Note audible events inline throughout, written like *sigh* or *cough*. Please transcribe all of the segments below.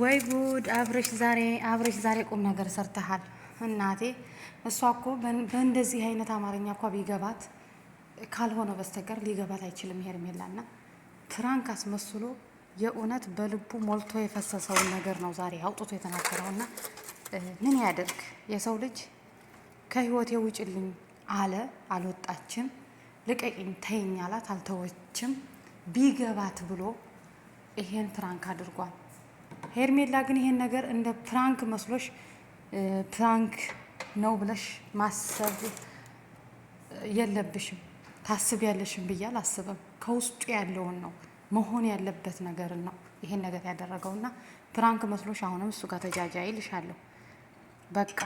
ወይ ጉድ! አብርሽ ዛሬ አብርሽ ዛሬ ቁም ነገር ሰርተሃል እናቴ። እሷ እኮ በእንደዚህ አይነት አማርኛ እኳ ቢገባት ካልሆነ በስተቀር ሊገባት አይችልም። ሜላና ፕራንክ አስመስሎ የእውነት በልቡ ሞልቶ የፈሰሰውን ነገር ነው ዛሬ አውጥቶ የተናገረውና ምን ያደርግ የሰው ልጅ ከህይወቴ ውጭልኝ አለ። አልወጣችም። ልቀቂኝ ተይኝ አላት። አልተወችም። ቢገባት ብሎ ይሄን ፕራንክ አድርጓል። ሄርሜላ ግን ይሄን ነገር እንደ ፕራንክ መስሎሽ ፕራንክ ነው ብለሽ ማሰብ የለብሽም። ታስቢያለሽም ብዬ አላስብም። ከውስጡ ያለውን ነው መሆን ያለበት ነገር ነው ይሄን ነገር ያደረገውና ፕራንክ መስሎሽ አሁንም እሱ ጋር ተጃጃይ ልሻለሁ። በቃ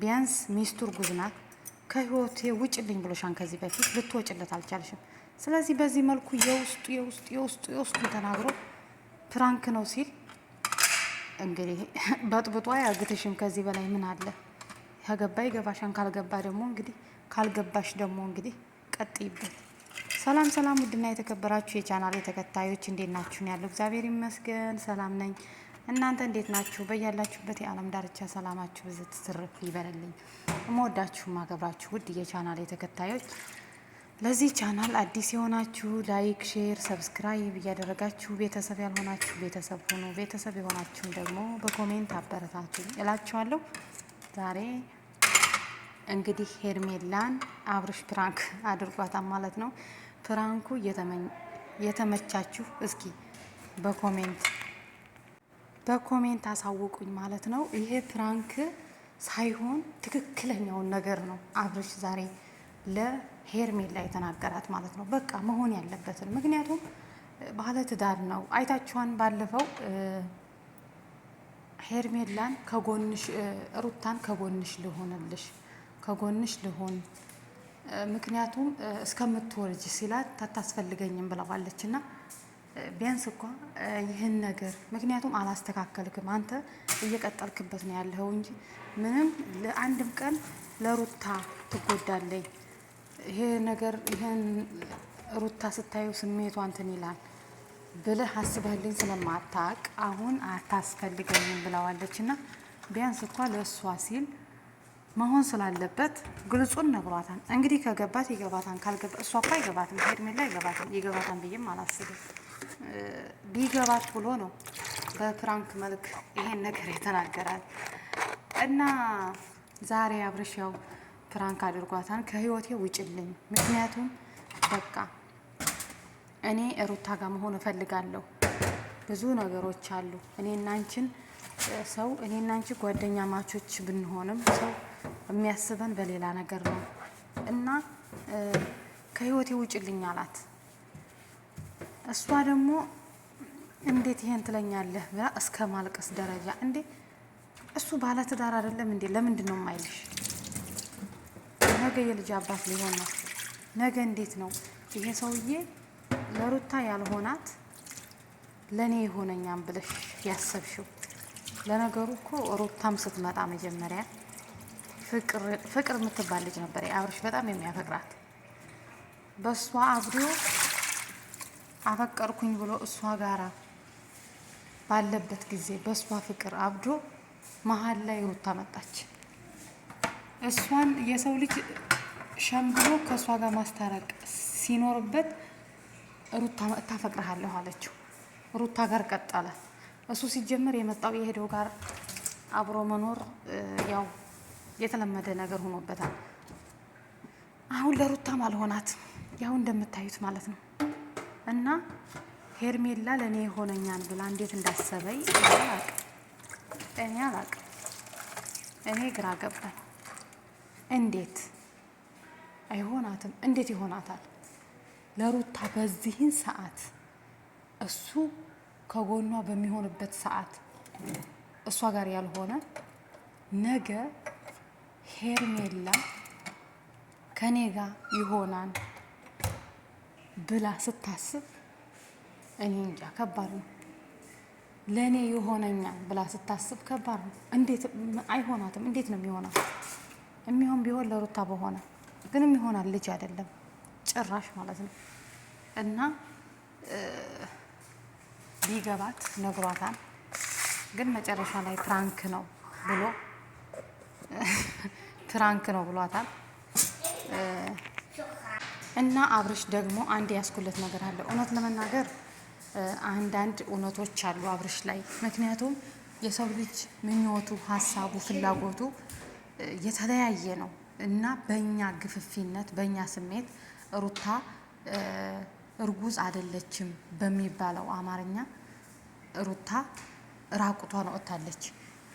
ቢያንስ ሚስቱ እርጉዝ ናት፣ ከህይወቴ ውጭልኝ ብሎሻን ከዚህ በፊት ልትወጭለት አልቻልሽም። ስለዚህ በዚህ መልኩ የውስጡ የውስጡ የውስጡ የውስጡን ተናግሮ ፕራንክ ነው ሲል እንግዲህ በጥብጧ ያግትሽም። ከዚህ በላይ ምን አለ? ከገባ ይገባሻን፣ ካልገባ ደግሞ እንግዲህ ካልገባሽ ደግሞ እንግዲህ ቀጥይበት። ሰላም ሰላም፣ ውድና የተከበራችሁ የቻናል ተከታዮች እንዴት ናችሁ? ያለው እግዚአብሔር ይመስገን ሰላም ነኝ። እናንተ እንዴት ናችሁ? በያላችሁበት የዓለም ዳርቻ ሰላማችሁ ብዝት ትርፍ ይበልልኝ። እመወዳችሁ ማገብራችሁ ውድ የቻናል ተከታዮች ለዚህ ቻናል አዲስ የሆናችሁ ላይክ፣ ሼር፣ ሰብስክራይብ እያደረጋችሁ ቤተሰብ ያልሆናችሁ ቤተሰብ ሁኑ፣ ቤተሰብ የሆናችሁም ደግሞ በኮሜንት አበረታቱ እላችኋለሁ። ዛሬ እንግዲህ ሄርሜላን አብርሽ ፕራንክ አድርጓታል ማለት ነው። ፕራንኩ የተመቻችሁ እስኪ በኮሜንት በኮሜንት አሳውቁኝ ማለት ነው። ይሄ ፕራንክ ሳይሆን ትክክለኛውን ነገር ነው አብርሽ ዛሬ ለ ሄርሜላ የተናገራት ማለት ነው። በቃ መሆን ያለበትን ምክንያቱም ባለ ትዳር ነው። አይታችኋን ባለፈው ሄርሜላን ከጎንሽ ሩታን ከጎንሽ ልሆንልሽ ከጎንሽ ልሆን ምክንያቱም እስከምትወልጅ ሲላት ታታስፈልገኝም ብለዋለች እና ቢያንስ እኳ ይህን ነገር ምክንያቱም አላስተካከልክም አንተ እየቀጠልክበት ነው ያለኸው እንጂ ምንም ለአንድም ቀን ለሩታ ትጎዳለኝ ይሄ ነገር ይሄን ሩታ ስታዩ ስሜቷ እንትን ይላል ብለህ አስበህልኝ ስለማታቅ አሁን አታስፈልገኝም ብለዋለች። እና ቢያንስ እኳ ለእሷ ሲል መሆን ስላለበት ግልጹን ነግሯታል። እንግዲህ ከገባት ይገባታል፣ ካልገባ እሷ እኳ አይገባትም፣ ሄርሜላ አይገባትም። ይገባታል ብዬም አላስብም። ቢገባት ብሎ ነው በፕራንክ መልክ ይሄን ነገር የተናገራል እና ዛሬ አብረሽ ያው ፕራንክ አድርጓታን ከህይወቴ ውጭልኝ። ምክንያቱም በቃ እኔ ሩታ ጋር መሆን እፈልጋለሁ። ብዙ ነገሮች አሉ። እኔ እናንችን ሰው እኔ እናንቺ ጓደኛ ማቾች ብንሆንም ሰው የሚያስበን በሌላ ነገር ነው እና ከህይወቴ ውጭልኝ አላት። እሷ ደግሞ እንዴት ይሄን ትለኛለህ ብላ እስከ ማልቀስ ደረጃ። እንዴ እሱ ባለትዳር አይደለም እንዴ? ለምንድን ነው የማይልሽ? ነገ የልጅ አባት ሊሆን ነው። ነገ እንዴት ነው ይሄ ሰውዬ ለሩታ ያልሆናት ለእኔ የሆነኛም ብለሽ ያሰብሽው? ለነገሩ እኮ ሩታም ስትመጣ መጀመሪያ ፍቅር የምትባል ልጅ ነበር አብርሽ በጣም የሚያፈቅራት በእሷ አብዶ አፈቀርኩኝ ብሎ እሷ ጋራ ባለበት ጊዜ በእሷ ፍቅር አብዶ መሀል ላይ ሩታ መጣች። እሷን የሰው ልጅ ሸምግሎ ከእሷ ጋር ማስታረቅ ሲኖርበት ሩታ እታፈቅርሃለሁ አለችው። ሩታ ጋር ቀጠለ። እሱ ሲጀምር የመጣው የሄደው ጋር አብሮ መኖር ያው የተለመደ ነገር ሆኖበታል። አሁን ለሩታም አልሆናት ያው እንደምታዩት ማለት ነው። እና ሄርሜላ ለእኔ የሆነኛን ብላ እንዴት እንዳሰበይ እኔ አላቅም። እኔ ግራ ገባኝ። እንዴት አይሆናትም? እንዴት ይሆናታል? ለሩታ በዚህን ሰዓት እሱ ከጎኗ በሚሆንበት ሰዓት እሷ ጋር ያልሆነ ነገ ሄርሜላ ከኔ ጋር ይሆናል ብላ ስታስብ እኔ እንጃ ከባድ ነው። ለእኔ ይሆነኛል ብላ ስታስብ ከባድ ነው። እንዴት አይሆናትም? እንዴት ነው የሚሆናት? የሚሆን ቢሆን ለሩታ በሆነ ግንም ይሆናል ልጅ አይደለም ጭራሽ ማለት ነው። እና ቢገባት ነግሯታል፣ ግን መጨረሻ ላይ ፕራንክ ነው ብሎ *laughs* ፕራንክ ነው ብሏታል። እና አብርሽ ደግሞ አንድ ያስኩለት ነገር አለ። እውነት ለመናገር አንዳንድ እውነቶች አሉ አብርሽ ላይ። ምክንያቱም የሰው ልጅ ምኞቱ፣ ሀሳቡ፣ ፍላጎቱ የተለያየ ነው እና በእኛ ግፍፊነት በእኛ ስሜት ሩታ እርጉዝ አይደለችም በሚባለው አማርኛ ሩታ ራቁቷን ወጥታለች።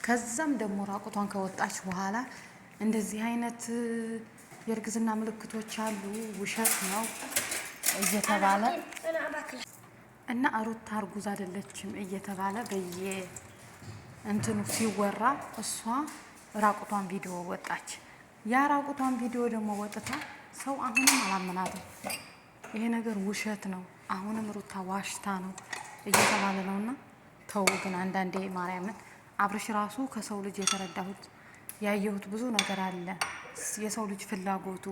ከዛም ደግሞ ራቁቷን ከወጣች በኋላ እንደዚህ አይነት የእርግዝና ምልክቶች አሉ፣ ውሸት ነው እየተባለ እና ሩታ እርጉዝ አይደለችም እየተባለ በየ እንትኑ ሲወራ እሷ ራቁቷን ቪዲዮ ወጣች። ያ ራቁቷን ቪዲዮ ደግሞ ወጥታ ሰው አሁንም አላመናትም። ይሄ ነገር ውሸት ነው፣ አሁንም ሩታ ዋሽታ ነው እየተባለ ነው። እና ተው ግን አንዳንዴ ማርያምን አብርሽ ራሱ ከሰው ልጅ የተረዳሁት ያየሁት ብዙ ነገር አለ። የሰው ልጅ ፍላጎቱ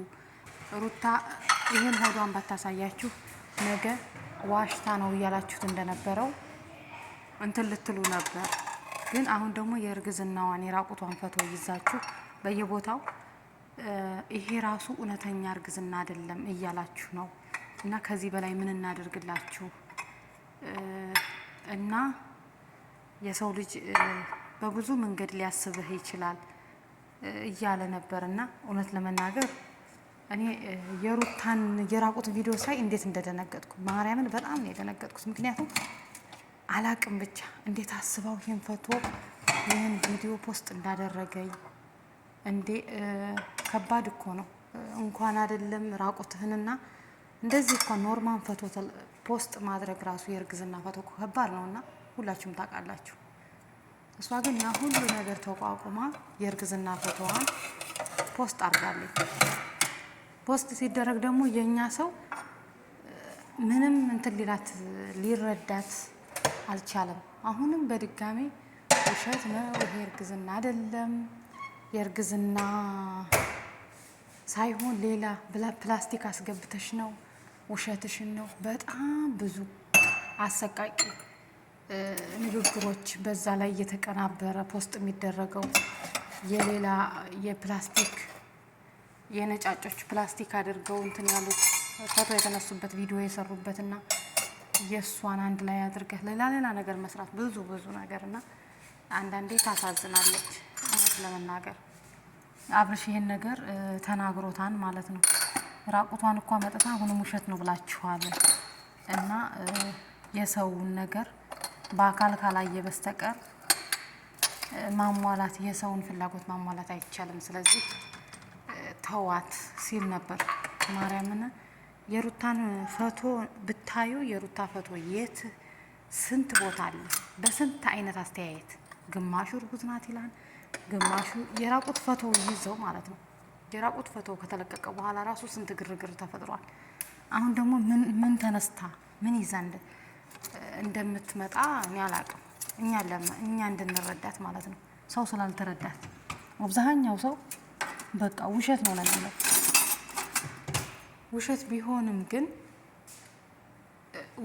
ሩታ ይህን ሆዷን ባታሳያችሁ ነገ ዋሽታ ነው እያላችሁት እንደነበረው እንትን ልትሉ ነበር። ግን አሁን ደግሞ የእርግዝናዋን የራቁቷን ፈቶ ይዛችሁ በየቦታው ይሄ ራሱ እውነተኛ እርግዝና አይደለም እያላችሁ ነው። እና ከዚህ በላይ ምን እናደርግላችሁ? እና የሰው ልጅ በብዙ መንገድ ሊያስብህ ይችላል እያለ ነበር። እና እውነት ለመናገር እኔ የሩታን የራቁት ቪዲዮ ሳይ እንዴት እንደደነገጥኩ ማርያምን፣ በጣም ነው የደነገጥኩት ምክንያቱም አላቅም ብቻ እንዴት አስባው ይህን ፈቶ ይህን ቪዲዮ ፖስት እንዳደረገኝ እንዴ! ከባድ እኮ ነው። እንኳን አይደለም ራቁትህንና እንደዚህ እኮ ኖርማን ፈቶ ፖስት ማድረግ ራሱ የእርግዝና ፈቶ እኮ ከባድ ነው እና ሁላችሁም ታውቃላችሁ። እሷ ግን ያ ሁሉ ነገር ተቋቁማ የእርግዝና ፈቶዋን ፖስት አድርጋለች። ፖስት ሲደረግ ደግሞ የእኛ ሰው ምንም እንትን ሊላት ሊረዳት አልቻለም። አሁንም በድጋሚ ውሸት ነው ይሄ እርግዝና አይደለም፣ የእርግዝና ሳይሆን ሌላ ፕላስቲክ አስገብተሽ ነው፣ ውሸትሽን ነው። በጣም ብዙ አሰቃቂ ንግግሮች በዛ ላይ እየተቀናበረ ፖስት የሚደረገው የሌላ የፕላስቲክ የነጫጮች ፕላስቲክ አድርገው እንትን ያሉት ፎቶ የተነሱበት ቪዲዮ የሰሩበትና የእሷን አንድ ላይ አድርገህ ሌላ ሌላ ነገር መስራት ብዙ ብዙ ነገር እና አንዳንዴ ታሳዝናለች። እውነት ለመናገር አብርሽ ይሄን ነገር ተናግሮታን ማለት ነው። ራቁቷን እኳ መጥታ አሁንም ውሸት ነው ብላችኋል እና የሰውን ነገር በአካል ካላየ በስተቀር ማሟላት የሰውን ፍላጎት ማሟላት አይቻልም። ስለዚህ ተዋት ሲል ነበር ማርያምን የሩታን ፈቶ ብታዩ የሩታ ፈቶ የት ስንት ቦታ አለ። በስንት አይነት አስተያየት ግማሹ እርጉዝ ናት ይላል፣ ግማሹ የራቁት ፈቶ ይዘው ማለት ነው። የራቁት ፈቶ ከተለቀቀ በኋላ ራሱ ስንት ግርግር ተፈጥሯል። አሁን ደግሞ ምን ተነስታ ምን ይዛ እንደምትመጣ እኔ አላቅም። እኛ እኛ እንድንረዳት ማለት ነው። ሰው ስላልተረዳት አብዛኛው ሰው በቃ ውሸት ነው ለሚለው ውሸት ቢሆንም ግን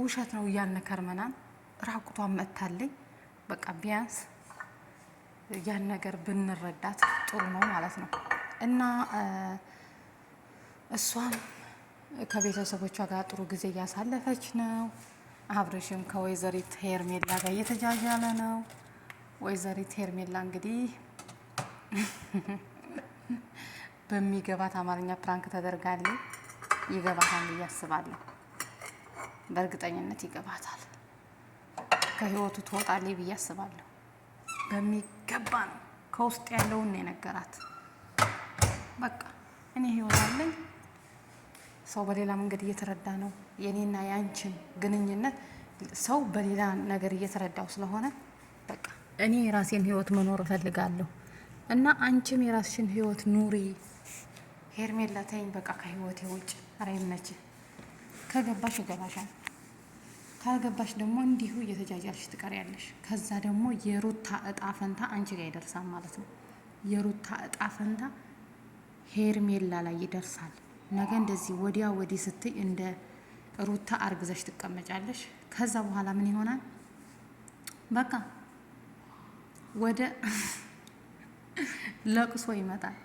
ውሸት ነው እያልን ከርመናን ራቁቷን መጥታለኝ። በቃ ቢያንስ ያን ነገር ብንረዳት ጥሩ ነው ማለት ነው እና እሷም ከቤተሰቦቿ ጋር ጥሩ ጊዜ እያሳለፈች ነው። አብርሽም ከወይዘሪት ሄርሜላ ጋር እየተጃጃለ ነው። ወይዘሪት ሄርሜላ እንግዲህ *laughs* በሚገባት አማርኛ ፕራንክ ተደርጋለች። ይገባታል ብዬ አስባለሁ። በእርግጠኝነት ይገባታል። ከህይወቱ ትወጣለች ብዬ አስባለሁ። በሚገባ ነው። ከውስጥ ያለውን ነው የነገራት። በቃ እኔ ህይወት አለኝ። ሰው በሌላ መንገድ እየተረዳ ነው የኔና የአንችን ግንኙነት ሰው በሌላ ነገር እየተረዳው ስለሆነ በቃ እኔ የራሴን ህይወት መኖር እፈልጋለሁ እና አንቺም የራስሽን ህይወት ኑሪ ሄርሜላ ተይኝ በቃ ከህይወቴ ውጭ አራይነች ከገባሽ ይገባሻል፣ ካልገባሽ ደግሞ እንዲሁ እየተጃጃልሽ ትቀሪያለሽ። ከዛ ደግሞ የሩታ እጣ ፈንታ አንቺ ጋር ይደርሳል ማለት ነው። የሩታ እጣ ፈንታ ሄርሜላ ላይ ይደርሳል። ነገ እንደዚህ ወዲያ ወዲህ ስትይ እንደ ሩታ አርግዘሽ ትቀመጫለሽ። ከዛ በኋላ ምን ይሆናል? በቃ ወደ *laughs* ለቅሶ ይመጣል።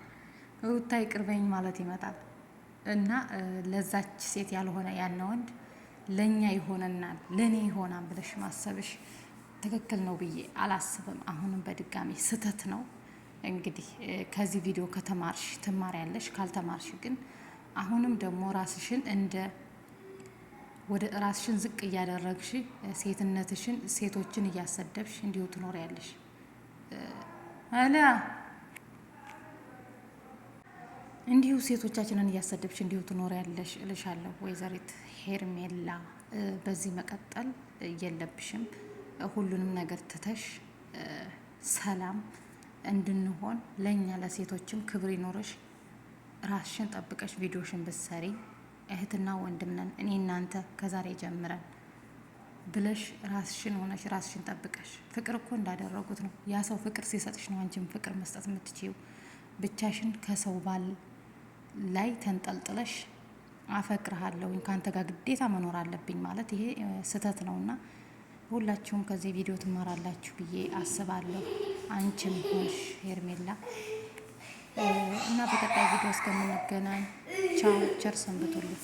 ሩታ ይቅርበኝ ማለት ይመጣል እና ለዛች ሴት ያልሆነ ያነ ወንድ ለእኛ ይሆነናል ለእኔ ይሆናል ብለሽ ማሰብሽ ትክክል ነው ብዬ አላስብም። አሁንም በድጋሚ ስህተት ነው። እንግዲህ ከዚህ ቪዲዮ ከተማርሽ ያለሽ፣ ካልተማርሽ ግን አሁንም ደግሞ ራስሽን እንደ ወደ ራስሽን ዝቅ እያደረግሽ ሴትነትሽን ሴቶችን እያሰደብሽ እንዲሁ ያለሽ አላ እንዲሁ ሴቶቻችንን እያሰደብሽ እንዲሁ ያለሽ እልሻለሁ ወይዘሪት ሄርሜላ። በዚህ መቀጠል የለብሽም። ሁሉንም ነገር ትተሽ ሰላም እንድንሆን ለእኛ ለሴቶችም ክብር ይኖረሽ፣ ራስሽን ጠብቀሽ ቪዲዮሽን ብትሰሪ እህትና ወንድም ነን እኔ እናንተ ከዛሬ ጀምረን ብለሽ ራስሽን ሆነሽ ራስሽን ጠብቀሽ። ፍቅር እኮ እንዳደረጉት ነው። ያ ሰው ፍቅር ሲሰጥሽ ነው አንቺም ፍቅር መስጠት የምትችይው። ብቻሽን ከሰው ባል ላይ ተንጠልጥለሽ አፈቅርሃለሁ ከአንተ ጋር ግዴታ መኖር አለብኝ ማለት ይሄ ስህተት እና ሁላችሁም ከዚህ ቪዲዮ ትማራላችሁ ብዬ አስባለሁ። አንቺም ሆንሽ ሄርሜላ እና በቀጣይ ቪዲዮ እስከምንገናኝ ቻው፣ ቸር ሰንብቱልኝ።